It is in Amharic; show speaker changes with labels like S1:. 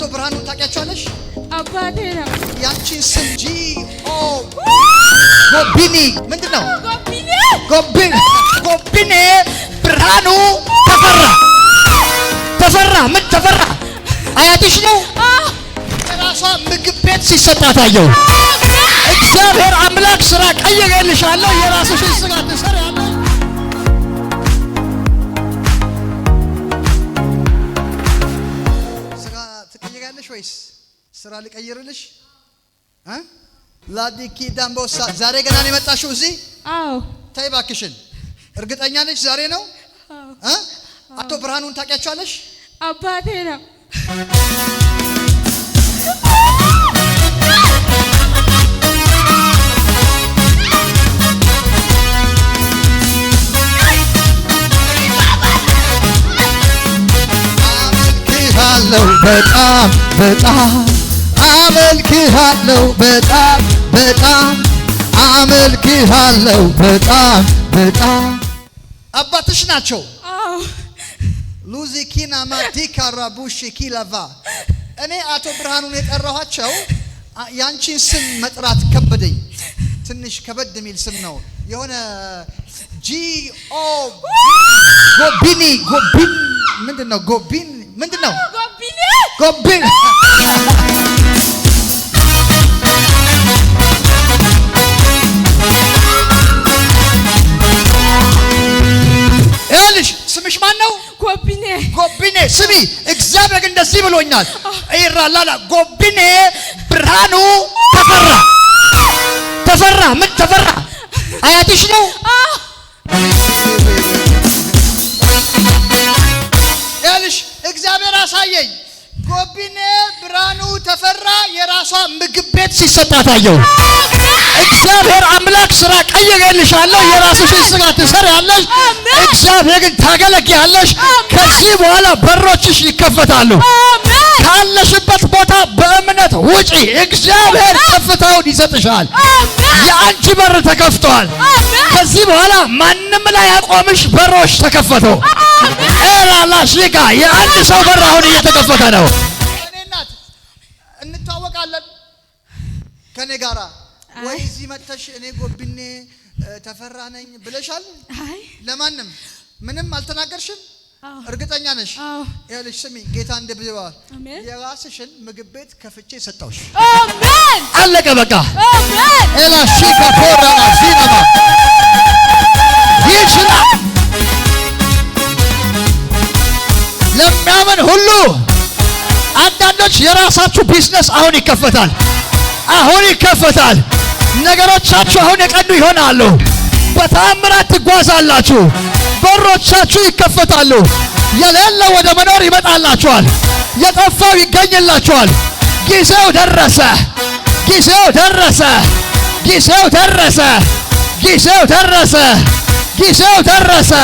S1: አቶ ብርሃኑ ታውቂያቸዋለሽ?
S2: አባቴ ነው።
S1: ያንቺን ስም ጂ ኦ ጎቢኒ ምንድን ነው? ጎቢኒ ብርሃኑ ተፈራ ተፈራ ምን ተፈራ አያትሽ ነው። ራሷ ምግብ ቤት ሲሰጣታየው እግዚአብሔር አምላክ ስራ የራሱ የራስሽን ስጋ ትሰ ወይስ ስራ ልቀይርልሽ? ላዲኪ ዳምቦሳ ዛሬ ገና ነው የመጣሽው እዚህ? አዎ። ተይ እባክሽን። እርግጠኛ ነሽ ዛሬ ነው? አቶ ብርሃኑን ታውቂያቸዋለሽ?
S2: አባቴ ነው።
S1: አለው በጣም በጣም አመልክሃለው በጣም በጣም አመልክሃለው በጣም በጣም አባትሽ ናቸው። ሉዚ ኪናማ ዲካራቡሽ ኪላቫ እኔ አቶ ብርሃኑን የጠራኋቸው ያንቺን ስም መጥራት ከበደኝ። ትንሽ ከበድ የሚል ስም ነው። የሆነ ጂኦ ጎቢኒ ጎቢን ምንድን ነው? ጎቢን ምንድን ነው? గొబ్బిలి ይኸውልሽ ስምሽ ማን ነው? ጎብኔ ጎብኔ። ስሚ እግዚአብሔር እንደዚህ ብሎኛል። ይራላላ ጎብኔ ብርሃኑ ተፈራ ተፈራ ምን ተፈራ አያትሽ ነው ራሷ ምግብ ቤት ሲሰጣት አየው። እግዚአብሔር አምላክ ስራ ቀይሬልሻለሁ፣ የራስሽን ስራ ትሰሪያለሽ፣ እግዚአብሔርን ታገለግያለሽ። ከዚህ በኋላ በሮችሽ ይከፈታሉ። ካለሽበት ቦታ በእምነት ውጪ፣ እግዚአብሔር ከፍታውን ይሰጥሻል። የአንቺ በር ተከፍቷል። ከዚህ በኋላ ማንም ላይ ያቆምሽ በሮች ተከፈቱ። ኤራላሽጋ የአንድ ሰው በር አሁን እየተከፈተ ነው። እናውቃለን ከኔ ጋራ ወይ እዚህ መጥተሽ እኔ ጎብኔ ተፈራ ነኝ ብለሻል? ለማንም ምንም አልተናገርሽም? እርግጠኛ ነሽ? ይኸውልሽ ስሚ ጌታ እንደ ብዋል የራስሽን ምግብ ቤት ከፍቼ ሰጠውሽ። አለቀ በቃ። ኤላ ሺካ ፎራ ሲናማ ሰዎች የራሳችሁ ቢዝነስ አሁን ይከፈታል፣ አሁን ይከፈታል። ነገሮቻችሁ አሁን የቀኑ ይሆናሉ። በተአምራት ትጓዛላችሁ። በሮቻችሁ ይከፈታሉ። የሌለ ወደ መኖር ይመጣላችኋል። የጠፋው ይገኝላችኋል። ጊዜው ደረሰ። ጊዜው ደረሰ። ጊዜው ደረሰ። ጊዜው ደረሰ። ጊዜው ደረሰ።